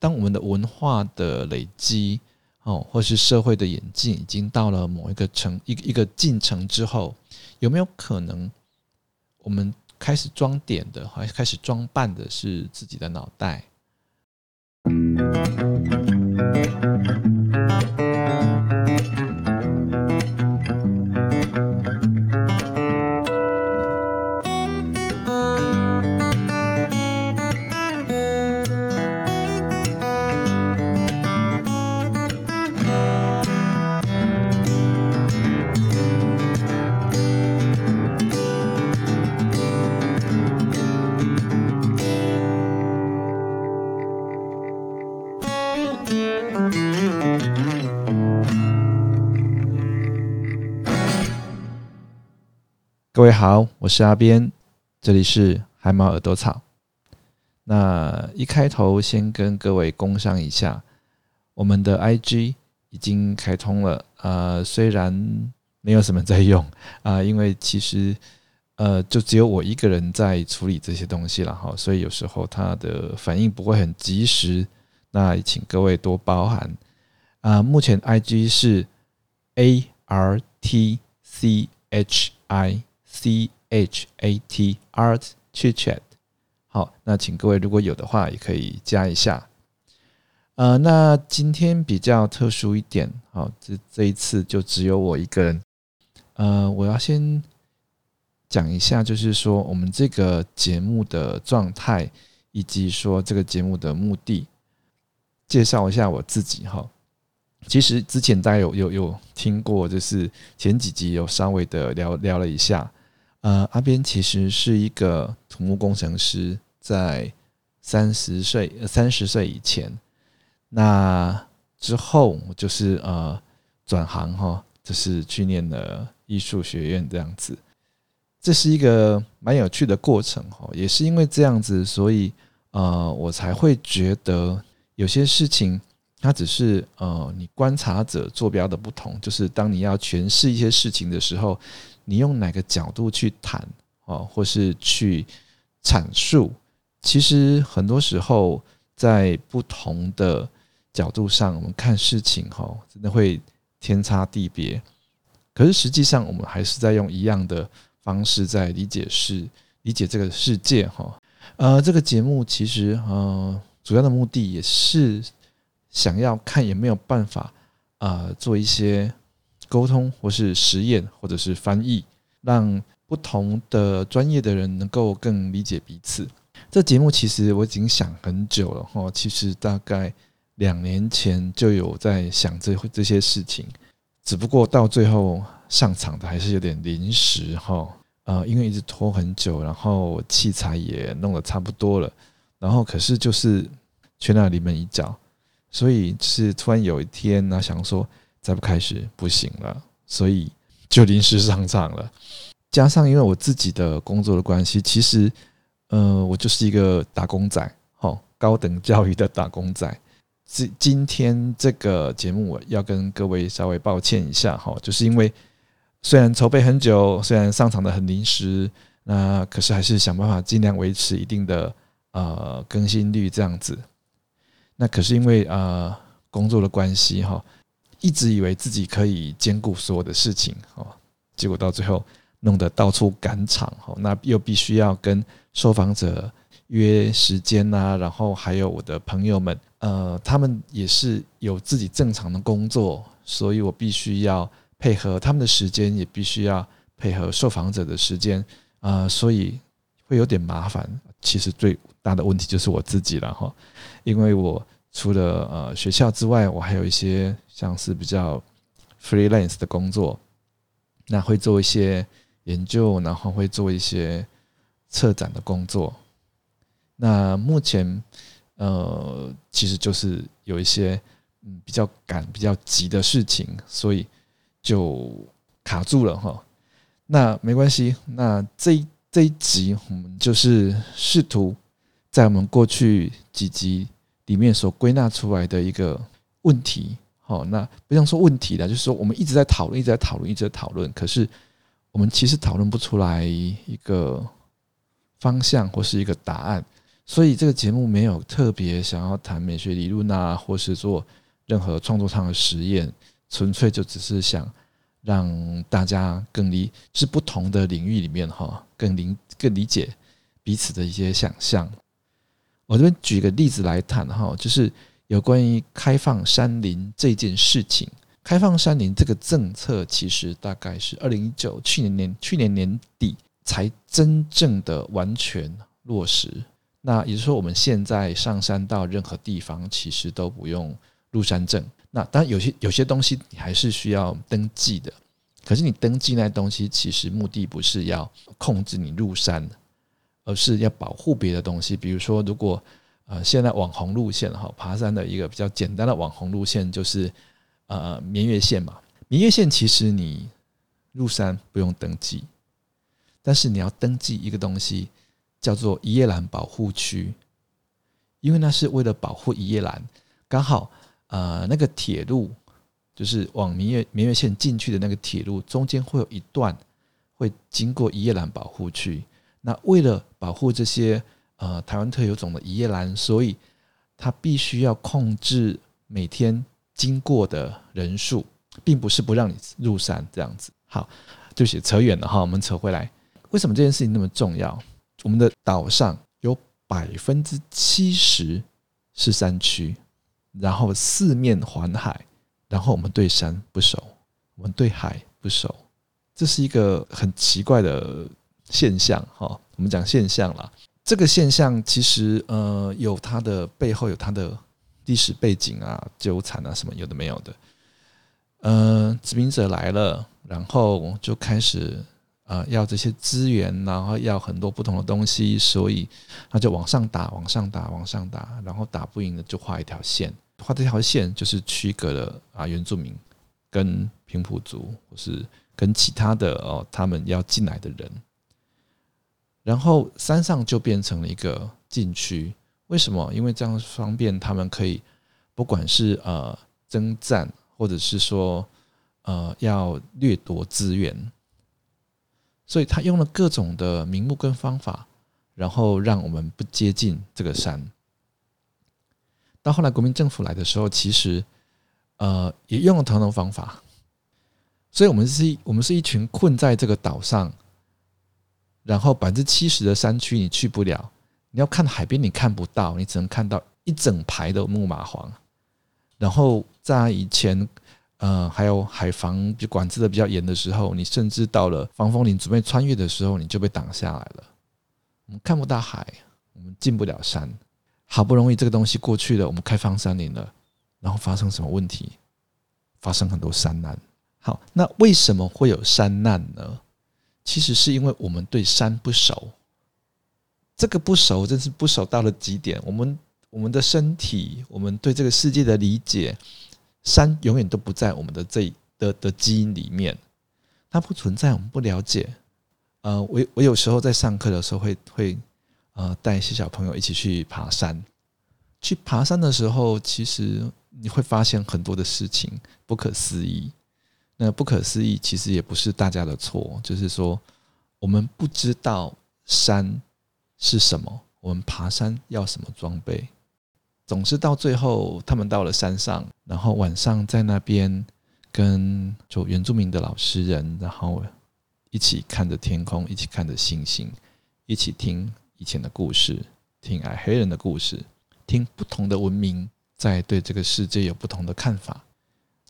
當我們的文化的累積，哦，或是社會的演進，已經到了某一個程，一個一個進程之後，有沒有可能，我們開始裝點的，好像開始裝扮的是自己的腦袋？各位好，我是阿編，這裡是海馬耳朵草。那一開頭先跟各位工商一下，我們的 I G 已經開通了，呃，雖然沒有什麼在用啊、呃，因為其實呃，就只有我一個人在處理這些東西了哈，所以有時候他的反應不會很及時，那也請各位多包涵啊、呃。目前 IG I G 是 A R T C H I。C H A T Art Chitchat，好，那請各位如果有的話也可以加一下。呃，那今天比較特殊一點，好，這這一次就只有我一個人。呃，我要先講一下，就是說我們這個節目的狀態，以及說這個節目的目的，介紹一下我自己哈。其實之前大家有有有聽過，就是前幾集有稍微的聊聊了一下。呃，阿編其實是一個土木工程師在30，在三十歲三十歲以前，那之後就是呃轉行哈、哦，就是去念了藝術學院這樣子。這是一個蠻有趣的過程哦，也是因為這樣子，所以呃我才會覺得有些事情。它只是呃，你觀察者坐標的不同，就是當你要詮釋一些事情的時候，你用哪個角度去談哦，或是去闡述，其實很多時候在不同的角度上，我們看事情哈，真的會天差地別。可是實際上，我們還是在用一樣的方式在理解世、理解這個世界哈。呃，這個節目其實呃，主要的目的也是。想要看也沒有辦法，呃，做一些溝通，或是實驗，或者是翻譯，讓不同的專業的人能夠更理解彼此。這個節目其實我已經想很久了哈，其實大概兩年前就有在想這這些事情，只不過到最後上場的還是有點臨時哈，呃，因為一直拖很久，然後器材也弄得差不多了，然後可是就是去那裡面一找。所以是突然有一天呢，想說再不開始不行了，所以就臨時上場了。加上因為我自己的工作的關係，其實，呃，我就是一個打工仔，齁，高等教育的打工仔。是今天這個節目我要跟各位稍微抱歉一下，齁，就是因為雖然籌備很久，雖然上場的很臨時，那可是，還是想辦法盡量維持一定的呃，更新率，這樣子。那可是因為呃工作的關係哈，一直以為自己可以兼顧所有的事情哈，結果到最後弄得到處趕場哈，那又必須要跟受訪者約時間吶，然後還有我的朋友們，呃，他們也是有自己正常的工作，所以我必須要配合他們的時間，也必須要配合受訪者的時間啊，所以會有點麻煩。其實最大的問題就是我自己了哈，因為我除了呃學校之外，我還有一些像是比較 freelance 的工作，那會做一些研究，然後會做一些策展的工作。那目前呃，其實就是有一些比較趕、比較急的事情，所以就卡住了哈。那沒關係，那這一。這一集我們就是試圖在我們過去幾集裡面所歸納出來的一個問題，好，那不用說問題了，就是說我們一直在討論，一直在討論，一直在討論，可是我們其實討論不出來一個方向或是一個答案，所以這個節目沒有特別想要談美學理論啊，或是做任何創作上的實驗，純粹就只是想讓大家更離是不同的領域裡面哈。更理更理解彼此的一些想象。我這邊舉個例子來談哈，就是有關於開放山林這件事情。開放山林這個政策，其實大概是二零一九去年年去年年底才真正的完全落實。那也就是說，我們現在上山到任何地方，其實都不用入山證。那當然有些有些東西你還是需要登記的。可是你登記那東西，其實目的不是要控制你入山，而是要保護別的東西。比如說，如果呃現在網紅路線哈，爬山的一個比較簡單的網紅路線就是呃眠月線嘛。眠月線其實你入山不用登記，但是你要登記一個東西叫做“一葉蘭保護區”，因為那是為了保護一葉蘭。剛好呃那個鐵路。就是往明月明月線進去的那個鐵路，中間會有一段會經過一葉蘭保護區。那為了保護這些呃台灣特有種的一葉蘭，所以它必須要控制每天經過的人數，並不是不讓你入山這樣子。好，對不起，扯遠了哈，我們扯回來。為什麼這件事情那麼重要？我們的島上有百分之七十是山區，然後四面環海。然後我們對山不熟，我們對海不熟，這是一個很奇怪的現象，哈。我們講現象啦，這個現象其實呃有它的背後有它的歷史背景啊、糾纏啊什麼有的沒有的。嗯，殖民者來了，然後就開始啊、呃、要這些資源，然後要很多不同的東西，所以他就往上打，往上打，往上打，然後打不贏的就畫一條線。畫這條線就是區隔了啊，原住民跟平埔族，或是跟其他的哦，他們要進來的人。然後山上就變成了一個禁區。為什麼？因為這樣方便他們可以，不管是呃征戰，或者是說呃要掠奪資源，所以他用了各種的名目跟方法，然後讓我們不接近這個山。到後來，國民政府來的時候，其實，呃，也用了同樣的方法。所以，我們是，我們是一群困在這個島上，然後百分之七十的山區你去不了，你要看海邊你看不到，你只能看到一整排的木麻黃。然後在以前，呃，還有海防就管制得比較嚴的時候，你甚至到了防風林準備穿越的時候，你就被擋下來了。我們看不到海，我們進不了山。好不容易這個東西過去了，我們開放山林了，然後發生什麼問題？發生很多山難。好，那為什麼會有山難呢？其實是因為我們對山不熟，這個不熟真是不熟到了極點。我們我們的身體，我們對這個世界的理解，山永遠都不在我們的這的的基因裡面，它不存在，我們不了解。呃，我我有時候在上課的時候會會。呃，帶一些小朋友一起去爬山。去爬山的時候，其實你會發現很多的事情不可思議。那不可思議其實也不是大家的錯，就是說我們不知道山是什麼，我們爬山要什麼裝備，總是到最後他們到了山上，然後晚上在那邊跟就原住民的老師人，然後一起看着天空，一起看着星星，一起聽。以前的故事，聽矮黑人的故事，聽不同的文明在對這個世界有不同的看法。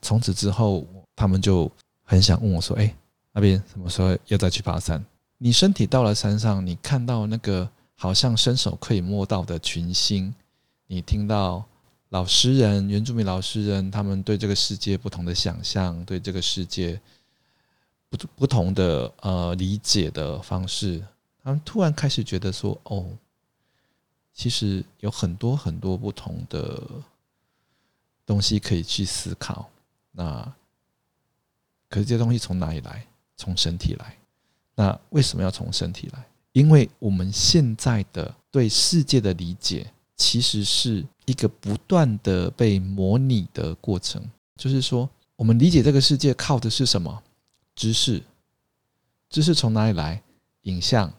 從此之後，他們就很想問我說：“哎，阿編怎麼說要再去爬山？”你身體到了山上，你看到那個好像伸手可以摸到的群星，你聽到老實人、原住民老實人他們對這個世界不同的想象，對這個世界不不同的呃理解的方式。他們突然開始覺得說：“哦，其實有很多很多不同的東西可以去思考。”那可是這些東西從哪裡來？從身體來。那為什麼要從身體來？因為我們現在的對世界的理解，其實是一個不斷的被模擬的過程。就是說，我們理解這個世界靠的是什麼？知識。知識從哪裡來？影像。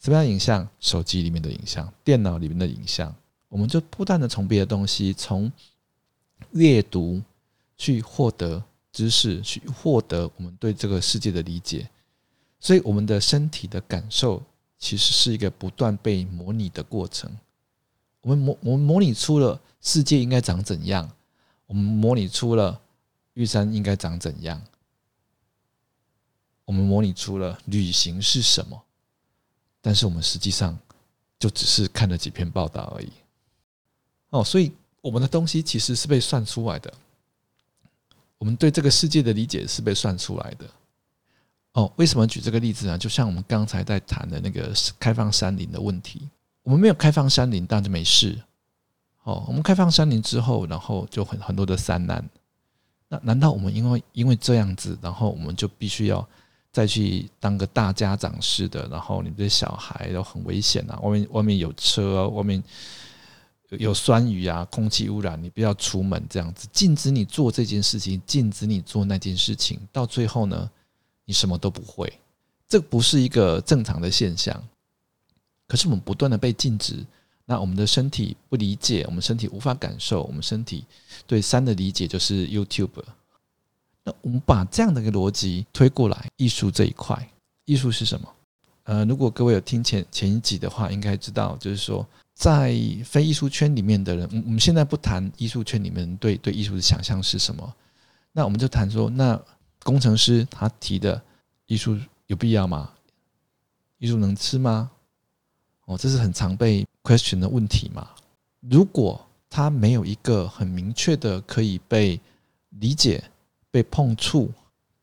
什麼樣影像？手機裡面的影像，電腦裡面的影像，我們就不斷的從別的東西，從閱讀去獲得知識，去獲得我們對這個世界的理解。所以，我們的身體的感受其實是一個不斷被模擬的過程。我們模我們模擬出了世界應該長怎樣，我們模擬出了玉山應該長怎樣，我們模擬出了旅行是什麼。但是我們實際上就只是看了幾篇報道而已，哦，所以我們的東西其實是被算出來的，我們對這個世界的理解是被算出來的。哦，為什麼舉這個例子呢？就像我們剛才在談的那個開放山林的問題，我們沒有開放山林，當然就沒事。哦，我們開放山林之後，然後就很很多的山難。那難道我們因為因為這樣子，然後我們就必須要再去當個大家長似的，然後你對小孩都很危險啊！外面外面有車啊，外面有酸雨啊，空氣污染，你不要出門這樣子，禁止你做這件事情，禁止你做那件事情，到最後呢，你什麼都不會，這不是一個正常的現象。可是我們不斷的被禁止，那我們的身體不理解，我們身體無法感受，我們身體對山的理解就是 YouTube。那我們把這樣的一個邏輯推過來，藝術這一塊，藝術是什麼？呃，如果各位有聽前前一集的話，應該知道，就是說，在非藝術圈裡面的人，我們現在不談藝術圈裡面對對藝術的想象是什麼。那我們就談說，那工程師他提的藝術有必要嗎？藝術能吃嗎？哦，這是很常被 question 的問題嘛。如果他沒有一個很明確的可以被理解。被碰觸、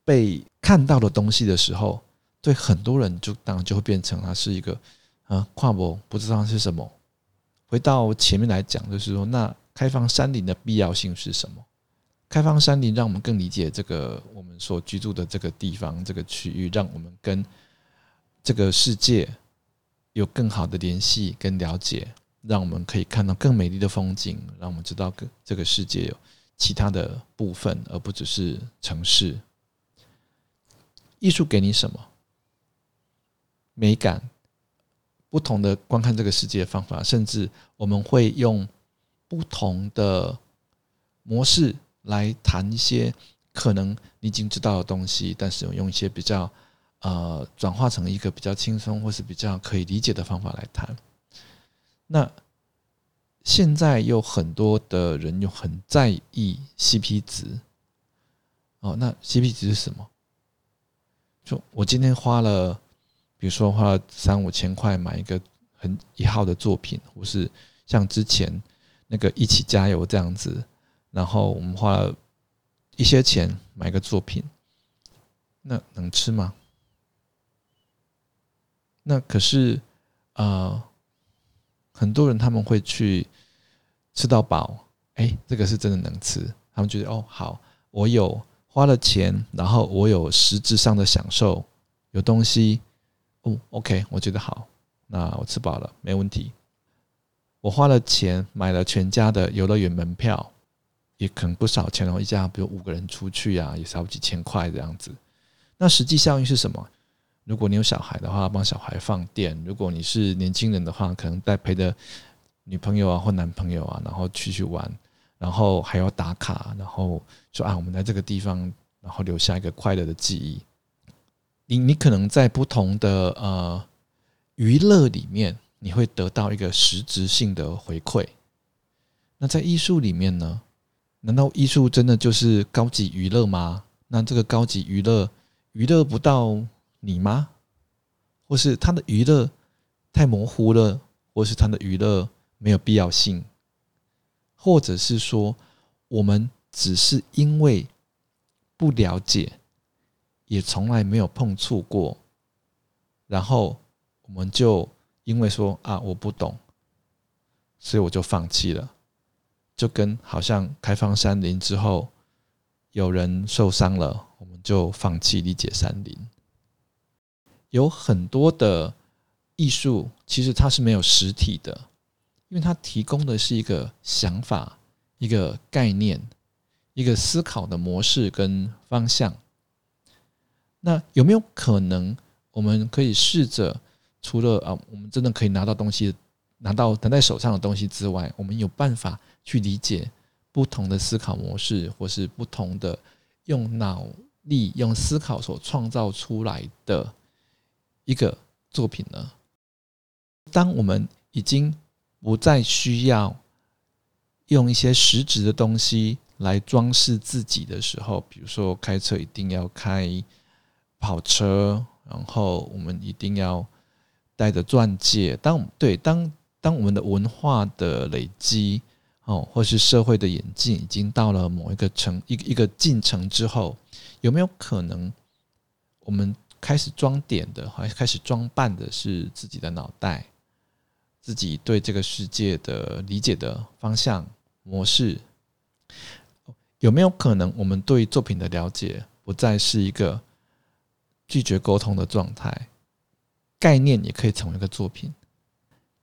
被看到的東西的時候，對很多人就當然就會變成它是一個啊，跨膜不，不知道是什麼。回到前面來講，就是說，那開放山林的必要性是什麼？開放山林讓我們更理解這個我們所居住的這個地方、這個區域，讓我們跟這個世界有更好的聯繫跟了解，讓我們可以看到更美麗的風景，讓我們知道更這個世界有。其他的部分，而不只是城市。藝術給你什麼？美感，不同的觀看這個世界的方法，甚至我們會用不同的模式來談一些可能你已經知道的東西，但是用一些比較呃轉化成一個比較輕鬆或是比較可以理解的方法來談。那。現在有很多的人又很在意 CP 值哦，那 CP 值是什麼？就我今天花了，比如說花了三五千塊買一個很一號的作品，或是像之前那個一起加油這樣子，然後我們花了一些錢買一個作品，那能吃嗎？那可是啊，呃，很多人他們會去。吃到飽，誒、欸，這個是真的能吃。他們覺得哦，好，我有花了錢，然後我有實質上的享受，有東西，哦，OK，我覺得好，那我吃飽了，沒問題。我花了錢買了全家的遊樂園門票，也可能不少錢哦，然後一家比如五個人出去啊，也少幾千塊這樣子。那實際效應是什麼？如果你有小孩的話，幫小孩放電；如果你是年輕人的話，可能帶陪的。女朋友啊，或男朋友啊，然後出去玩，然後還要打卡，然後說啊，我們在這個地方，然後留下一個快樂的記憶。你你可能在不同的呃娛樂裡面，你會得到一個實質性的回饋。那在藝術裡面呢？難道藝術真的就是高級娛樂嗎？那這個高級娛樂娛樂不到你嗎？或是他的娛樂太模糊了，或是他的娛樂？沒有必要性，或者是說，我們只是因為不了解，也從來沒有碰觸過，然後我們就因為說啊，我不懂，所以我就放棄了，就跟好像開放山林之後有人受傷了，我們就放棄理解山林。有很多的藝術，其實它是沒有實體的。因為它提供的是一個想法、一個概念、一個思考的模式跟方向。那有沒有可能，我們可以試着，除了啊，我們真的可以拿到東西，拿到拿在手上的東西之外，我們有辦法去理解不同的思考模式，或是不同的用腦力、用思考所創造出來的一個作品呢？當我們已經。不再需要用一些實質的東西來裝飾自己的時候，比如說開車一定要開跑車，然後我們一定要戴著鑽戒。當對當當我們的文化的累積哦，或是社會的演進已經到了某一個程一個一個進程之後，有沒有可能我們開始裝點的，還開始裝扮的是自己的腦袋？自己對這個世界的理解的方向模式，有沒有可能我們對作品的了解不再是一個拒絕溝通的狀態？概念也可以成為一個作品。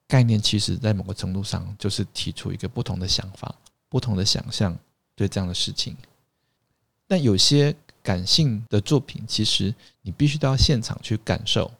概念其實在某個程度上就是提出一個不同的想法、不同的想象，對這樣的事情。但有些感性的作品，其實你必須到現場去感受。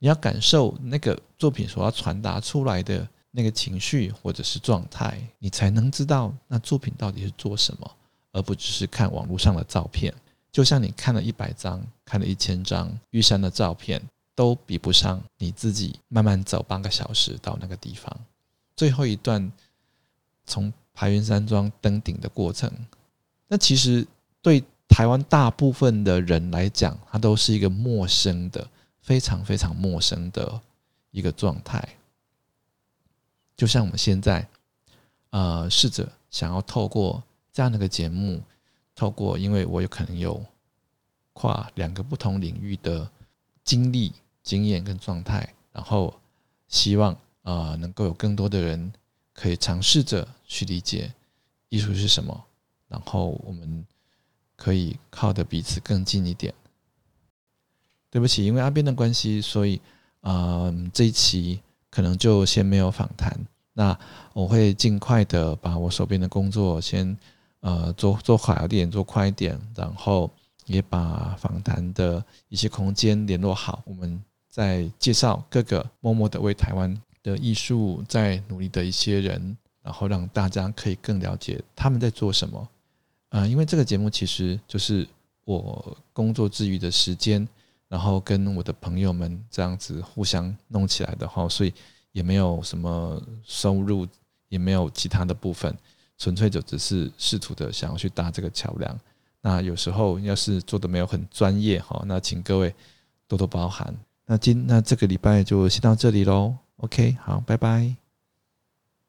你要感受那個作品所要傳達出來的那個情緒或者是狀態，你才能知道那作品到底是做什麼，而不只是看網絡上的照片。就像你看了一百張、看了一千張玉山的照片，都比不上你自己慢慢走半個小時到那個地方，最後一段從排雲山莊登頂的過程。那其實對台灣大部分的人來講，它都是一個陌生的。非常非常陌生的一個狀態，就像我們現在，呃，試着想要透過這樣的一個節目，透過因為我有可能有跨兩個不同領域的經歷、經驗跟狀態，然後希望啊，呃，能夠有更多的人可以嘗試着去理解藝術是什麼，然後我們可以靠得彼此更近一點。對不起，因為阿編的關係，所以，呃，這一期可能就先沒有訪談。那我會盡快的把我手邊的工作先，呃，做做好一點，做快一點，然後也把訪談的一些空間聯絡好。我們再介紹各個默默的為台灣的藝術在努力的一些人，然後讓大家可以更了解他們在做什麼。呃，因為這個節目其實就是我工作之餘的時間。然後跟我的朋友們這樣子互相弄起來的話，所以也沒有什麼收入，也沒有其他的部分，純粹就只是試圖的想要去搭這個橋樑。那有時候要是做的沒有很專業哈，那請各位多多包涵。那今，那這個禮拜就先到這裡嘍，OK，好，拜拜。